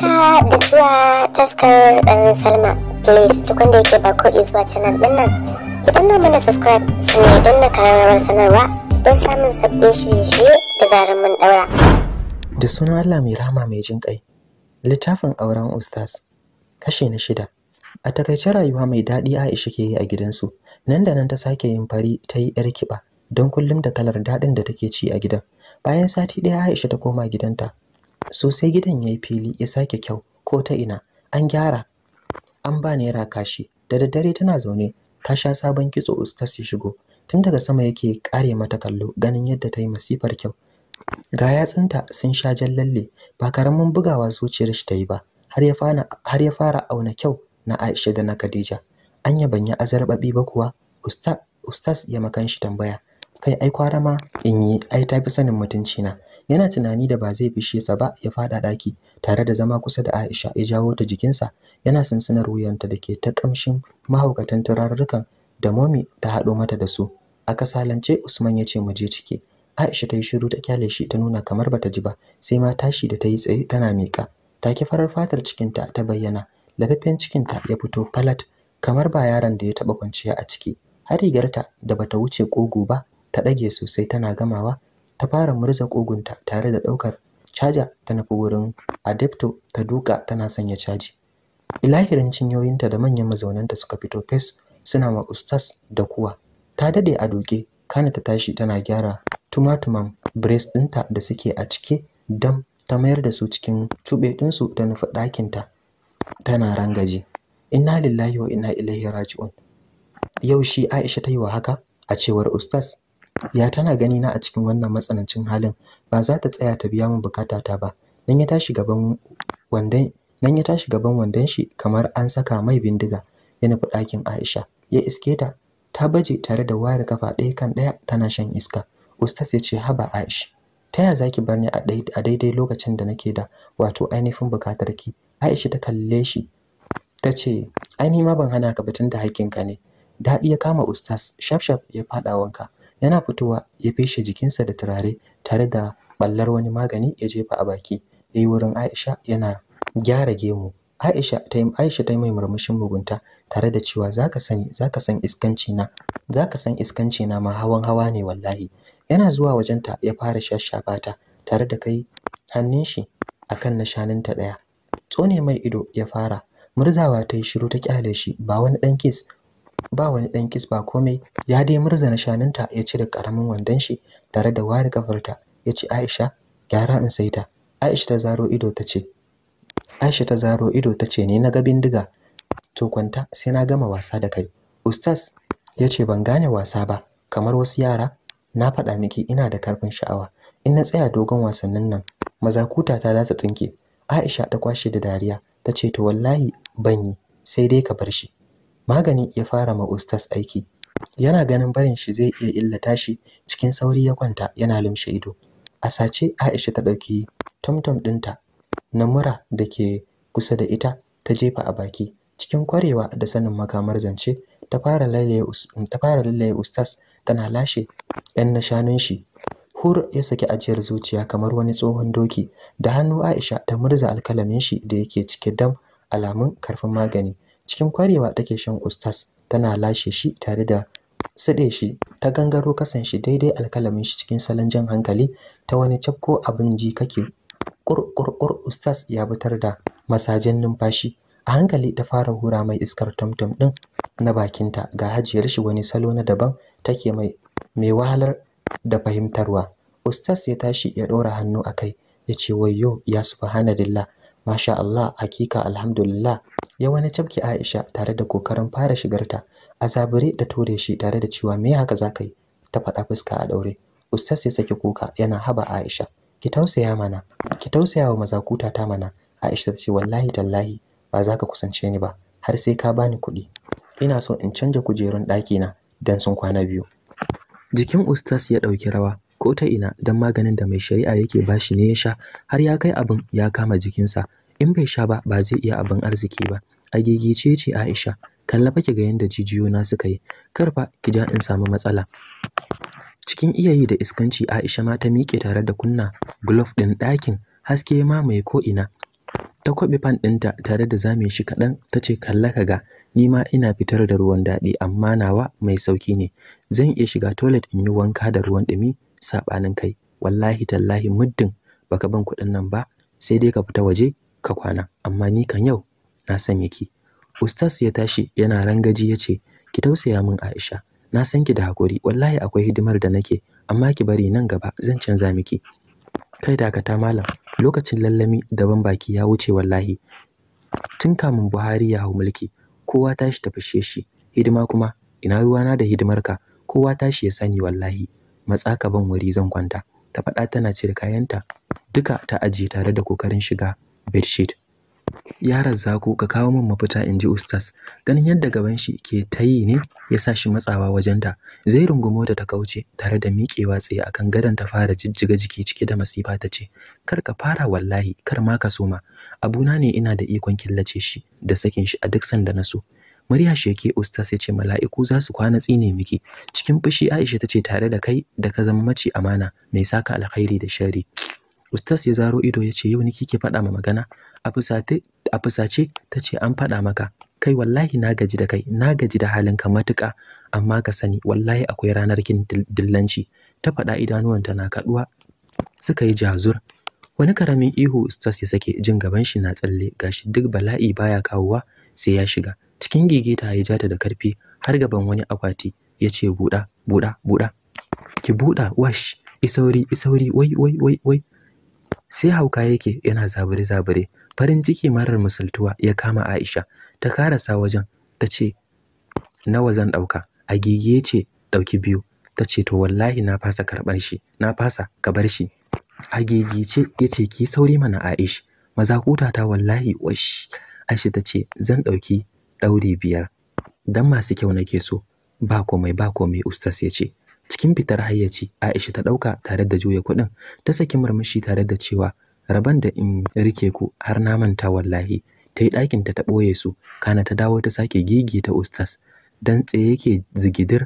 haka da zuwa taskar dan salma please duk wanda yake ba ko zuwa canal din nan ki danna mana subscribe su ne don na kararrawar sanarwa don samun sabbin shirye-shirye da zarar mun daura da sunan allah mai rama mai jin kai littafin auren ustaz kashe na shida a takaice rayuwa mai daɗi aisha ke yi a gidansu nan da nan ta sake yin fari ta yi yar kiba don kullum da kalar daɗin da take ci a gidan bayan sati ɗaya aisha ta koma gidanta sosai gidan ya yi fili ya sake kyau ko ta ina an gyara an ba naira kashi da daddare tana zaune ta sha sabon kitso ustas ya shigo tun daga sama yake kare mata kallo ganin yadda ta yi masifar kyau ga yatsunta sun sha jan lalle ba karamin bugawa zuciyar shi ta yi ba har ya fara auna kyau na Aisha da na Khadija anya ban yi azarbabi ba kuwa Ustaz ustas ya makan tambaya kai ai kwara ma in yi ai tafi sanin mutunci na yana tunani da ba zai bishe sa ba ya fada daki tare da zama kusa da Aisha ya jawo ta jikinsa yana sansanar wuyanta da ke ta kamshin mahaukatan turarrukan da momi ta haɗo mata da su a kasalance Usman ya ce mu je ciki Aisha ta yi shiru ta kyale shi ta nuna kamar bata ji ba sai ma tashi da ta yi tsaye tana miƙa ki farar fatar cikinta ta bayyana lafaffen ta ya fito falat kamar ba yaron da ya taɓa kwanciya a ciki har rigarta da bata wuce kogo ba ta dage sosai tana gamawa ta fara murza kogunta tare da daukar caja ta nufi wurin Adepto ta duka tana sanya caji ilahirin cinyoyinta da manyan mazaunanta suka fito fes suna ma ustas da kuwa ta dade a doke kana ta tashi tana gyara tumatuman brace dinta da suke a cike dam ta mayar da su cikin tube dinsu ta nufi ɗakinta tana rangaje inna lillahi wa inna ilaihi raji'un yau shi Aisha ta yi wa haka a cewar ustas ya tana gani na a cikin wannan matsanancin halin ba za ta tsaya ta biya min ta ba nan ya tashi gaban wandan nan ya tashi gaban wandan shi kamar an saka mai bindiga ya nufi ɗakin Aisha ya iske ta ta baje tare da wayar kafa ɗaya kan ɗaya tana shan iska Ustas ya ce haba Aisha ta ya zaki bar ni a daidai lokacin da nake da wato ainihin bukatar ki Aisha ta kalle shi ta ce ai ma ban hana ka batun da haƙƙinka ne daɗi ya kama Ustas shafshaf ya faɗa wanka yana fitowa ya feshe jikinsa da turare tare da ballar wani magani ya jefa a baki ya yi wurin aisha yana gyara gemu aisha ta yi aisha ta mai murmushin mugunta tare da cewa zaka sani zaka san iskanci na zaka san iskanci na ma hawan hawa ne wallahi yana zuwa wajenta ya fara shashafa ta tare da kai hannun shi akan na shaninta daya tsone mai ido ya fara murzawa ta yi shiru ta kyale shi ba wani dan kes. ba wani ɗan kisba komai ya dai na shanunta ya cire ƙaramin wandon shi tare da ware kafarta ya ce Aisha gyara in saita Aisha ta zaro ido ta ce Aisha ta zaro ido ta ce ni na ga bindiga to kwanta sai na gama wasa da kai Ustas ya ce ban gane wasa ba kamar wasu yara na faɗa miki ina da karfin sha'awa in na tsaya dogon wasannin nan mazakuta ta za ta tsinke Aisha ta kwashe da dariya ta ce to wallahi ban yi sai dai ka bar shi magani ya fara ma ustas aiki yana ganin barin shi zai iya illata shi cikin sauri ya kwanta yana limshe ido a sace Aisha ta ɗauki tumtum ɗinta na mura da ke kusa da ita ta jefa a baki cikin kwarewa da sanin makamar zance ta fara lallaye ustas tana lashe yan na shanun shi hur ya saki ajiyar zuciya kamar wani tsohon doki da hannu Aisha ta murza alkalamin shi da yake cike dam alamun karfin magani cikin kwarewa take shan ustas tana lashe shi tare da suɗe shi ta gangaro kasan shi daidai alkalamin shi cikin salon jan hankali ta wani cafko abin ji kake kurkurkur ustas ya fitar da masajin numfashi a hankali ta fara hura mai iskar tamtam din na bakinta ga hajiyar shi wani salo na daban take mai mai wahalar da fahimtarwa ustas ya tashi ya ɗora hannu a kai ya ce wayyo ya subhanallah masha Allah hakika alhamdulillah ya wani cafke Aisha tare da kokarin fara shigarta a zabure da tore shi tare da cewa me haka za ka yi ta faɗa fuska a daure Ustas ya saki kuka yana haba Aisha ki tausaya mana ki tausaya wa mazakuta ta mana Aisha ta ce wallahi tallahi ba za ka kusance ni ba har sai ka bani kuɗi ina so in canja kujerun ɗakina dan sun kwana biyu jikin Ustas ya ɗauki rawa ko ta ina don maganin da mai shari'a yake bashi ne ya sha har ya kai abin ya kama jikinsa in bai sha ba ba zai iya abin arziki ba a gigice ce Aisha kalla ki ga yanda jijiyoyina suka yi kar fa ki ja in samu matsala cikin iyayi da iskanci Aisha ma ta miƙe tare da kunna glove ɗin ɗakin haske ma mai ko ina ta kwaɓe fan ɗinta tare da zame shi kaɗan ta ce kalla ka ga ni ma ina fitar da ruwan daɗi amma nawa mai sauki ne zan iya shiga toilet in yi wanka da ruwan ɗumi saɓanin kai wallahi tallahi muddin baka ban kuɗin nan ba sai dai ka fita waje ka kwana amma ni kan yau na sanya ki ustaz ya tashi yana rangaji ya ce ki tausaya min aisha na san ki da hakuri wallahi akwai hidimar da nake amma ki bari nan gaba zan canza miki kai dakata malam lokacin lallami daban baki ya wuce wallahi tun kamun buhari ya hau mulki kowa tashi ta fashe shi hidima kuma ina ruwa na da hidimarka kowa tashi ya sani wallahi matsa ka ban wuri zan kwanta ta faɗa tana cire kayanta duka ta ajiye tare da kokarin shiga bedsheet yaron zago ka kawo min mafita in ji ustas ganin yadda gaban shi ke tayi ne ya sa shi matsawa wajen da zai rungumo da ta kauce tare da miƙewa tsaye akan gadon ta fara jijjiga jiki cike da masifa ta ce kar ka fara wallahi kar ma ka soma abuna ne ina da ikon killace shi da sakin shi a duk sanda na so murya sheke ustas ya ce mala'iku za su kwana tsine miki cikin fushi aisha ta ce tare da kai da ka zama mace amana mai saka alkhairi da shari Ustas ya zaro ido ya ce yau ni kike faɗa ma magana a fusace a ta ce an faɗa maka kai wallahi na gaji da kai na gaji da halin ka matuƙa amma ka sani wallahi akwai ranar kin dillanci ta faɗa idanuwanta na kaɗuwa, suka yi jazur wani karamin ihu Ustas ya sake jin gaban shi na tsalle gashi duk bala'i baya kawowa sai ya shiga cikin gigita ya jata da karfi har gaban wani akwati ya ce buɗa buɗa buɗa ki buɗa wash isauri isauri wai wai wai wai sai hauka yake yana zabure-zabure farin ciki marar misaltuwa ya kama aisha ta karasa wajen ta ce nawa zan ɗauka a ce ɗauki biyu ta ce to wallahi na fasa karɓar shi na fasa ka bar shi a ya ce ki sauri mana aish mazakuta ta wallahi wash Aisha ta ce zan ɗauki ɗauri biyar dan masu kyau nake so ba komai ba komai ustas ya ce cikin fitar hayyaci Aisha ta ɗauka tare da juya kuɗin ta saki murmushi tare da cewa raban da in rike ku har na manta wallahi ta yi ɗakinta ta ɓoye su kana ta dawo ta sake gigi ta ustas dan tsaye yake zigidir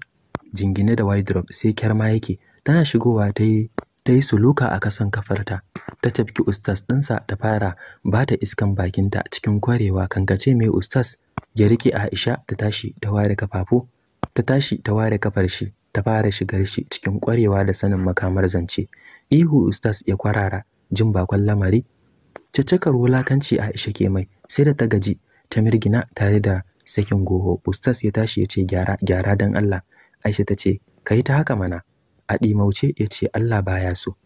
jingine da wardrobe sai kyarma yake tana shigowa ta yi ta yi suluka a kasan kafarta ta tafki ustas ɗinsa ta fara ba ta iskan bakinta cikin kwarewa kankace mai ustas ya rike Aisha ta tashi ta ware kafafu ta tashi ta ware kafar shi ta fara shigar shi cikin ƙwarewa da sanin makamar zance ihu Ustas ya kwarara jin bakon lamari caccakar wulakanci aisha ke mai sai da ta gaji ta mirgina tare da sakin goho Ustas ya tashi ya ce gyara gyara don allah aisha ta ce ka yi ta haka mana a ɗimauce ya ce allah baya so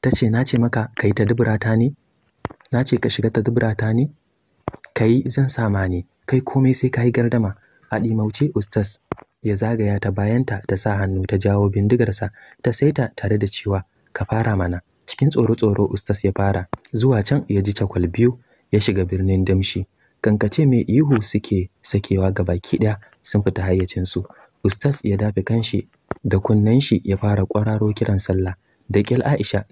ta ce na ce maka ka yi ta Dubrata ne na ce ka shiga ta Dubrata ne ka yi zan sama ne kai komai sai ka yi gardama a ɗimauce ustaz ya zagaya ta bayanta ta sa hannu ta jawo bindigarsa ta saita tare da cewa ka fara mana cikin tsoro-tsoro ustas ya fara zuwa can ya ji cakwal biyu ya shiga birnin damshi kankace mai ihu suke sakewa ga baki ɗaya sun fita hayyacinsu ustas ya dafe kanshi da kunnen shi ya fara kwararo kiran sallah da kyal aisha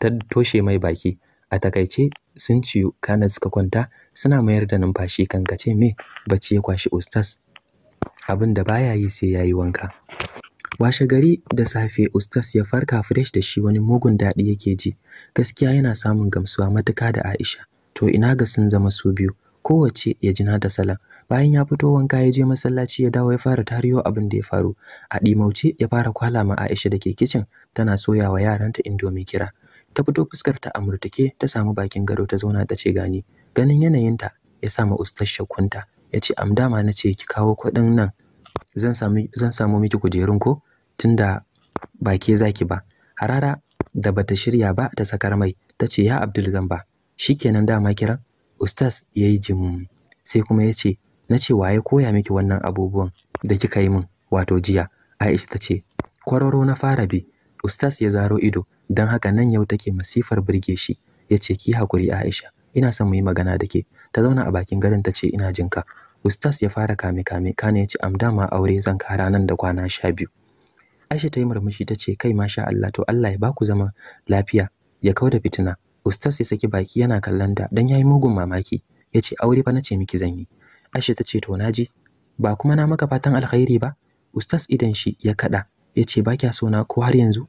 ta toshe mai baki a takaice sun ciyu kana suka kwanta suna mayar da numfashi kankace mai bacci ya kwashi ustas abin da baya yi sai yayi wanka washe gari da safe ustas ya farka fresh da shi wani mugun daɗi yake ji gaskiya yana samun gamsuwa matuka da aisha to ina ga sun zama su biyu kowace ya jina da sala bayan ya fito wanka ya je masallaci ya dawo ya fara tariyo abin da ya faru a dimauce ya fara kwala ma aisha da ke kicin tana soyawa yaranta indomi kira ta fito fuskar ta a ta samu bakin gado ta zauna ta ce gani ganin yanayinta ya sa ma ustas shakunta ya ce am dama na ce ki kawo kuɗin nan zan samu miki kujerun ko tunda ba ke zaki ba harara da bata shirya ba ta sakar mai ta ce ya abdul Shi kenan dama kiran ustaz ya yi jim sai kuma ya ce na ce waye koya miki wannan abubuwan da kika yi min wato jiya aisha ta ce kwararo na fara bi ustaz ya zaro ido don haka nan yau take masifar birge shi ya ce ki haƙuri aisha ina son mu yi magana da ke ta zauna a bakin garin ta ce ina jinka Ustas ya fara kame kame kana ya ce am dama aure zan kara nan da kwana sha biyu Aisha ta yi murmushi ta ce kai masha Allah to Allah ya baku zama lafiya ya kau da fitina Ustas ya saki baki yana kallon ta dan yayi mugun mamaki ya ce aure fa ce miki zan yi Aisha ta ce to naji ba kuma na maka fatan alkhairi ba Ustas idan shi ya kada ya ce ba kya so na ko har yanzu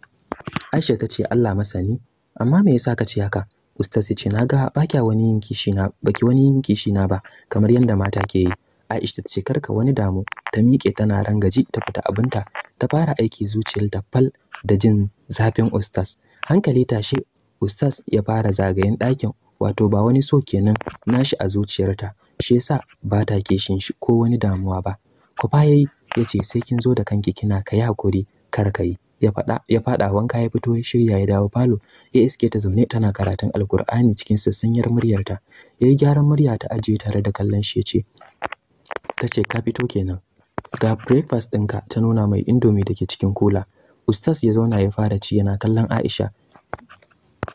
Aisha ta ce Allah masani amma me yasa ka ce haka Ustaz ya ce na ga baki wani yin kishi na ki wani yin kishi na ba kamar yadda mata ke yi. Aisha ta ce karka wani damu ta miƙe tana rangaji ta fita abinta ta fara aiki zuciyar ta fal da jin zafin Ustaz. Hankali ta shi Ustaz ya fara zagayen ɗakin wato ba wani so kenan nashi a zuciyarta shi yasa ba ta kishin shi ko wani damuwa ba. Kwafa yayi ya ce sai kin zo da kanki kina ka yi hakuri kar ka yi. ya faɗa ya faɗa wanka ya fito ya shirya ya dawo falo ya iske ta zaune tana karatun alkur'ani cikin sassanyar muryarta ya yi gyaran murya ta ajiye tare da kallon shi ya ce ta ce ka fito kenan ga breakfast ɗinka ta nuna mai indomi da ke cikin kola. ustas ya zauna ya fara ci yana kallon aisha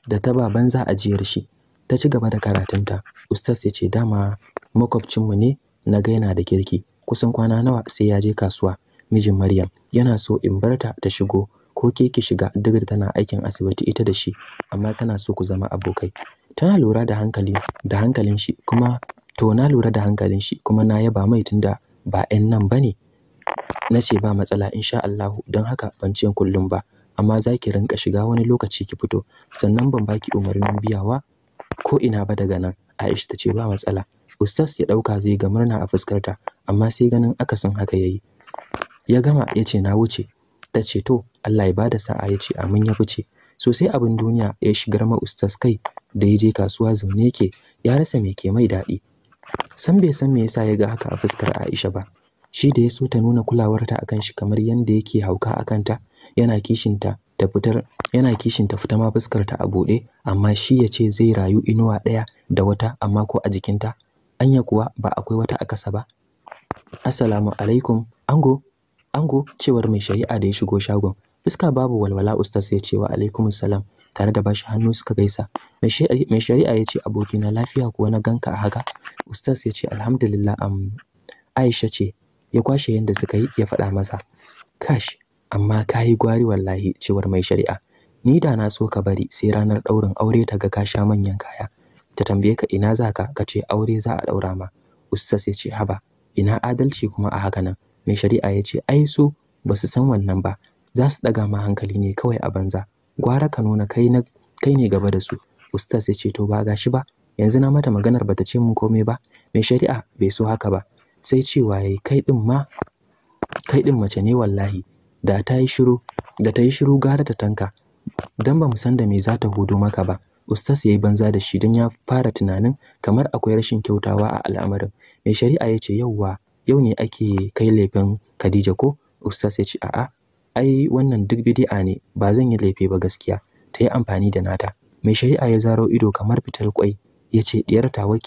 da ta ba banza ajiyar shi ta ci gaba da karatunta ustas ya ce dama makwabcinmu ne na ga yana da kirki kusan kwana nawa sai ya je kasuwa mijin Maryam yana so in bar ta shigo ko ke ki shiga duk da tana aikin asibiti ita da shi amma tana so ku zama abokai tana lura da hankali da hankalin shi kuma to na lura da hankalin shi kuma na yaba mai tunda ba 'yan nan bane na ce ba matsala insha Allahu don haka ban ce kullum ba amma za ki rinka shiga wani lokaci ki fito sannan ban baki umarnin biyawa ko ina ba daga nan Aisha ta ce ba matsala Ustaz ya ɗauka zai ga murna a fuskarta amma sai ganin akasin haka yayi ya gama ya ce na wuce ta ce to Allah ya bada sa'a ya ce amin ya fice sosai abin duniya ya shigar ma ustaz kai da ya je kasuwa zaune yake ya rasa me ke mai daɗi san bai san me yasa ya ga haka a fuskar Aisha ba shi da ya so ta nuna kulawarta akan shi kamar yadda yake hauka akan ta yana kishinta ta fitar yana kishin ta fita ma fuskar ta a bude amma shi ya ce zai rayu inuwa ɗaya da wata amma ko a jikinta anya kuwa ba akwai wata akasa ba assalamu alaikum ango Ango cewar mai shari'a da ya shigo shagon. Fuska babu walwala Ustaz ya ce wa alaikum salam tare da bashi hannu suka gaisa. Mai shari'a ya ce abokina lafiya kuwa na ganka a haka. Ustaz ya ce alhamdulillah am Aisha ce ya kwashe yanda suka yi ya faɗa masa. Kash amma ka yi gwari wallahi cewar mai shari'a. Ni da na so ka bari sai ranar ɗaurin aure ta ga ka sha manyan kaya. Ta tambaye ka ina za ka ka ce aure za a ɗaura ma. Ustaz ya ce haba ina adalci kuma a haka nan. mai shari'a ya ce ai su ba su san wannan ba za su ɗaga ma hankali ne kawai a banza gwara ka nuna kai ne gaba da su Ustas ya ce to ba gashi ba yanzu na mata maganar bata ce mun komai ba mai shari'a bai so haka ba sai cewa yayi kai din ma kai din mace ne wallahi da ta yi shiru da ta yi shiru gara ta tanka dan ba mu san da me za ta hudo maka ba ustas yi banza da shi dan ya fara tunanin kamar akwai rashin kyautawa a al'amarin mai shari'a ya ce yauwa yau ne ake kai laifin Khadija ko? Ustaz ya ce a'a, ai wannan duk bidi'a ne, ba zan yi laifi ba gaskiya. Ta yi amfani da nata. Mai shari'a ya zaro ido kamar fitar kwai, ya ce diyar tawa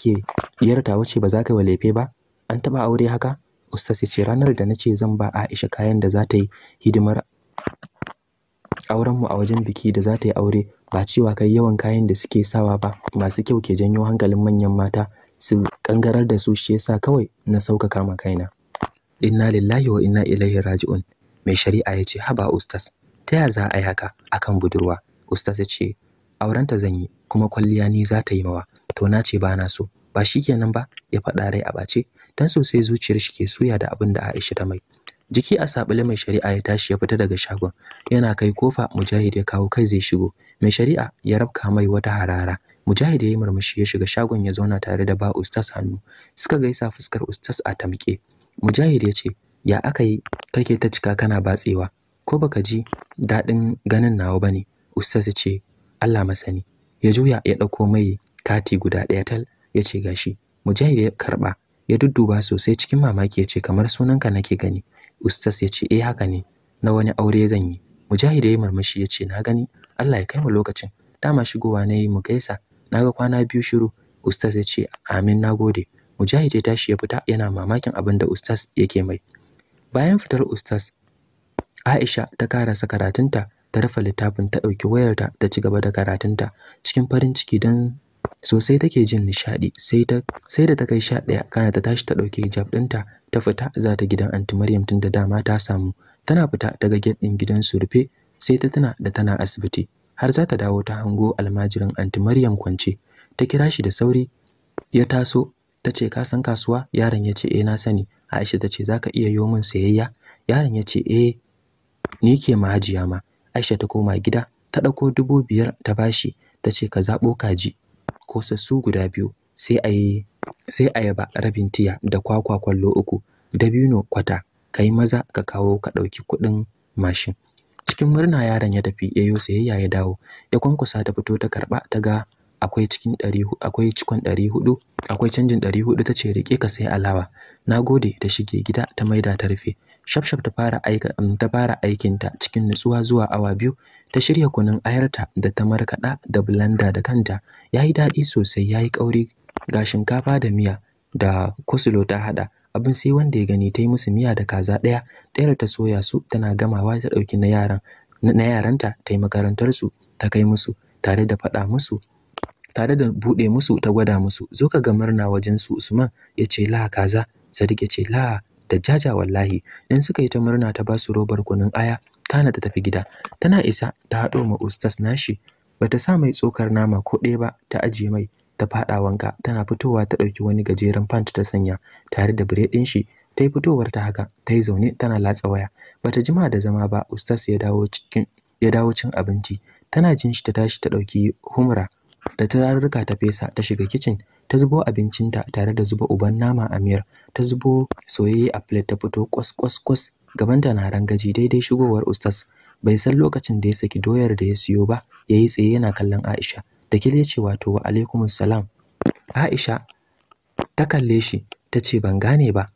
ce ba za ka yi wa laifi ba? An taba aure haka? Ustaz ya ce ranar da na ce zan ba Aisha kayan da za ta yi hidimar auren mu a wajen biki da za ta yi aure ba cewa kai yawan kayan da suke sawa ba masu kyau ke janyo hankalin manyan mata su kangarar da su shi yasa kawai na sauƙaƙa ma kaina inna lillahi wa inna ilaihi raji'un mai shari'a ya ce haba ustas ta ya za a yi haka akan budurwa ustas ya ce aurenta zan yi kuma kwalliya ni za ta yi mawa to na ce ba na so ba shi kenan ba ya faɗa rai a ɓace dan sosai zuciyar shi ke suya da abin da Aisha ta mai jiki a sabule mai shari'a ya tashi ya fita daga shagon yana kai kofa mujahid ya kawo kai zai shigo mai shari'a ya rabka mai wata harara mujahid ya yi murmushi ya shiga shagon ya zauna tare da ba ustas hannu suka gaisa fuskar ustas a tamke mujahid ya ce ya aka yi kake ta cika kana batsewa ko baka ji daɗin ganin nawa bane ustaz ya ce Allah masani ya juya ya ɗauko mai kati guda ɗaya tal ya ce gashi mujahid ya karɓa ya dudduba sosai cikin mamaki ya ce kamar sunanka nake gani Ustas ya ce, "Eh haka ne, na wani aure zan yi." Mujahid ya yi murmushi ya ce, "Na gani, Allah ya kai mu lokacin." Dama shigowa na yi mu gaisa, na ga kwana biyu shiru. Ustas ya ce, "Amin, na gode." Mujahid ya tashi ya fita yana mamakin abin da Ustas yake mai. Bayan fitar Ustas, Aisha ta karasa karatunta ta rufe littafin ta ɗauki wayarta ta ci gaba da karatunta cikin farin ciki don sosai take jin nishaɗi sai ta sai da ta kai sha ɗaya kana ta tashi ta ɗauki hijab ɗinta ta fita za ta gidan anti maryam tun da dama ta samu tana fita daga gate din gidan su rufe sai ta tuna da tana asibiti har za ta dawo ta hango almajirin anti maryam kwance ta kira shi da sauri ya taso ta ce ka san kasuwa yaron ya ce eh na sani aisha ta ce zaka iya yo min sayayya yaron ya ce eh ni ke mahajiya ma aisha ta koma gida ta ɗauko dubu biyar ta bashi ta ce ka zaɓo kaji kosassu guda biyu sai a yi sai yaba rabin tiya da kwakwa kwallo uku dabino kwata kai maza ka kawo ka ɗauki kuɗin mashin cikin murna yaron ya tafi yayo sayayya ya dawo ya kwankwasa ta fito ta karɓa ta ga akwai cikin ɗari akwai cikon ɗari akwai canjin ɗari hudu ta ce rike ka sai alawa na gode ta shige gida ta maida ta rufe shafshaf ta fara aika mm, ta fara aikinta cikin nutsuwa zuwa awa biyu ta shirya kunun ayarta da ta markaɗa da blanda da kanta yayi daɗi sosai yayi kauri ga shinkafa da miya da kusulo ta haɗa abin sai wanda ya gani ta yi musu miya da kaza ɗaya ɗayar ta soya su tana gamawa ta ɗauki na yaran na yaranta ta yi su ta kai musu tare da faɗa musu tare da buɗe musu ta gwada musu zo ka ga murna wajen su Usman ya ce la kaza Sadiq ce la da jaja wallahi in suka yi ta murna ta basu robar kunun aya kana ta tafi gida tana isa ta haɗo ma ustas nashi bata sa mai tsokar nama ko ɗaya ba ta ajiye mai ta faɗa wanka tana fitowa ta ɗauki wani gajeren pant ta sanya tare da bire din shi ta yi fitowar ta haka ta yi zaune tana latsa waya bata jima da zama ba ustas ya dawo cikin ya dawo cin abinci tana jin shi ta tashi ta ɗauki humra da turarurruka ta fesa ta shiga kicin ta zubo abincinta tare da zuba uban nama a miyar ta zubo soyayye a plate ta fito kwas kwas kwas gabanta na rangaji daidai shigowar ustas bai san lokacin da ya saki doyar da ya siyo ba yayi tsaye yana kallon Aisha da kile ce wato wa alaikumus salam Aisha ta kalle shi ta ce ban gane ba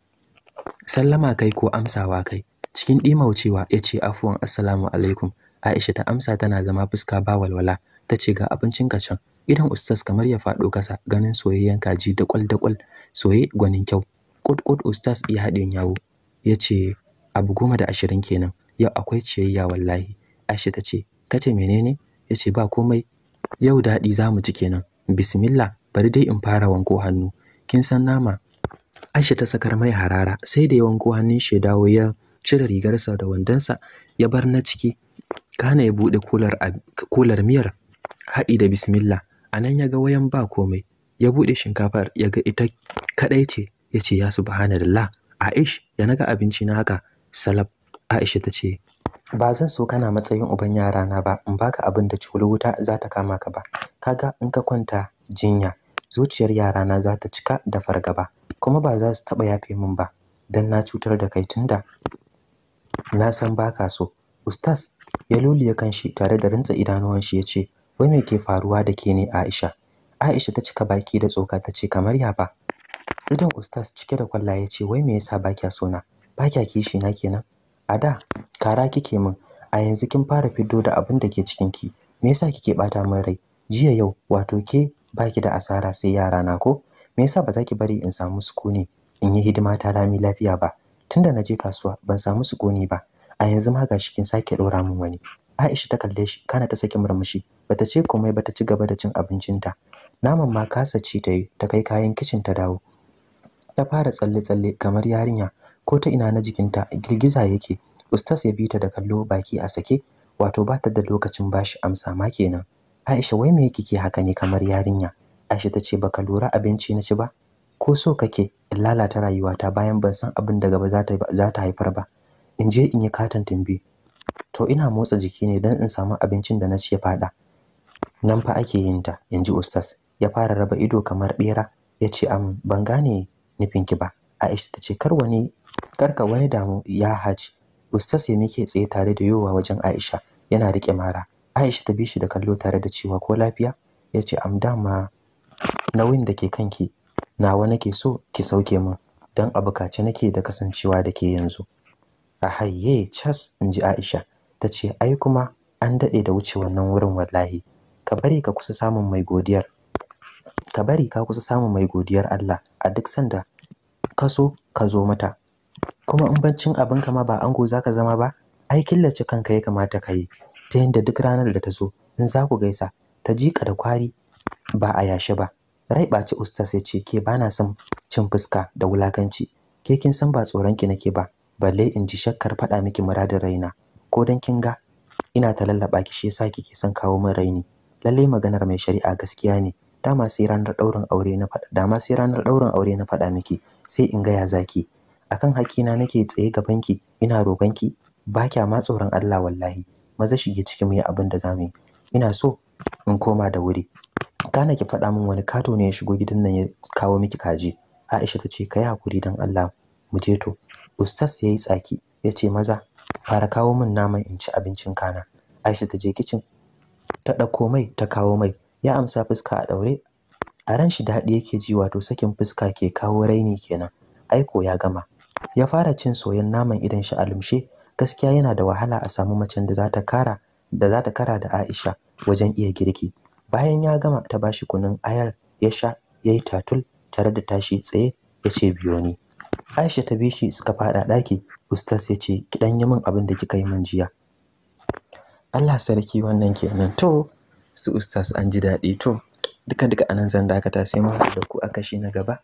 sallama kai ko amsawa kai cikin dimaucewa ya ce afuwan assalamu alaikum Aisha ta amsa tana zama fuska ba walwala ta ce ga abincin ka can idan ustaz kamar ya faɗo kasa ganin soyayyen kaji da kwal da kwal soye gwanin kyau kut Ustas ya haɗin yawo ya ce abu goma da ashirin kenan yau akwai ciyayya wallahi aisha ta ce kace menene ya ce ba komai yau daɗi za mu ci kenan bismillah bari dai in fara wanko hannu kin san nama aisha ta sakar mai harara sai da ya wanko hannun shi dawo ya cire rigarsa da wandonsa ya bar na ciki kana ya buɗe kolar miyar haɗi da bismillah a nan ya ga wayan ba komai ya buɗe shinkafar ya ga ita kaɗai ce ya ce ya subhanallah aish ya naga abinci na haka salab aisha ta ce ba zan so kana matsayin uban yara na ba in baka abin da cikin wuta za ta kama ka ba kaga in ka kwanta jinya zuciyar yara na za ta cika da fargaba kuma ba za su taɓa yafe min ba don na cutar da kai tunda na san baka so ustaz ya luliya kanshi tare da rintsa idanuwan shi ya ce wai me ke faruwa da ke ne Aisha Aisha ta cika baki da tsoka ta ce kamar ya ba idan ustaz cike da kwalla ya ce wai me yasa ba kya sona ba kya kishi na kenan a da kara kike min a yanzu kin fara fiddo da abin da ke cikin ki me yasa kike bata min rai jiya yau wato ke baki da asara sai yara na ko me yasa ba za ki bari in samu sukuni in yi hidima ta lami lafiya ba tunda na je kasuwa ban samu sukuni ba a yanzu ma gashi kin sake dora min wani Aisha ta kalle shi kana ta saki murmushi bata ce komai ba ta ci gaba da cin abincinta naman ma kasa ci ta yi ta kai kayan kicin ta dawo ta fara tsalle-tsalle kamar yarinya ko ta ina na jikinta girgiza yake ustas ya bi ta da kallo baki a sake wato ba ta da lokacin bashi amsa ma kenan Aisha wai me yake kike haka ne kamar yarinya Aisha ta ce baka lura abinci na ci ba ko so kake in lalata rayuwata bayan ban san abin da gaba za ta haifar ba in je in yi katon tambi To ina motsa jiki ne don in samu abincin da na ce faɗa. Nan fa ake yin ta, in ji Ustaz. Ya fara raba ido kamar bera, Ya ce, am, ban gane nufinki ba. Aisha ta ce, kar wani, karka wani damu ya haji. Ustaz ya muke tsaye tare da yowa wajen Aisha. Yana rike mara. Aisha ta bi shi da kallo tare da cewa ko lafiya? Ya ce, am, dama nauyin da ke kanki nawa nake so ki sauke min don a bukace nake da kasancewa da ke yanzu. a hayye cas in ji aisha ta ce ai kuma an daɗe da wuce wannan wurin wallahi ka bari ka kusa samun mai godiyar ka bari ka kusa samun mai godiyar Allah a duk sanda ka so ka zo mata kuma in bancin abin kama ma ba ango zaka zama ba ai killace kanka ya kamata ka yi ta yadda duk ranar da ta zo in za ku gaisa ta jika da kwari ba a yashe ba rai ɓaci ustas ya ce ke bana son cin fuska da wulakanci ke kin san ba tsoron ki nake ba balle in ji shakkar faɗa miki muradin raina ko dan kin ga ina ta lallaba ki shi yasa kike son kawo min raini lalle maganar mai shari'a gaskiya ne dama sai ranar ɗaurin aure na faɗa dama sai ranar ɗaurin aure na faɗa miki sai in gaya zaki akan hakina nake tsaye gaban ki ina ki. ba kya ma tsoron Allah wallahi maza shige cikin mu yi abin da zamu yi ina so in koma da wuri kana ki faɗa min wani kato ne ya shigo gidan nan ya kawo miki kaji Aisha ta ce kai hakuri dan Allah mu je to ustas ya yi tsaki ya ce maza fara kawo min naman in ci abincin kana aisha ta je kicin ta ɗauko mai ta kawo mai ya amsa fuska a ɗaure a ran shi daɗi yake ji wato sakin fuska ke kawo raini kenan aiko ya gama ya fara cin soyayyen naman idan shi a lumshe gaskiya yana da wahala a samu macen da za ta kara da za ta kara da Aisha wajen iya girki bayan ya gama ta bashi kunun ayar ya sha yayi tatul tare da tashi tsaye yace ce biyo ni Aisha ta bishi suka fada daki ustaz ya ce ki dan yi min abin da kika yi min jiya Allah sarki wannan kenan to su ustaz an ji daɗi to duka duka anan zan dakata sai mun haɗu da ku a kashi na gaba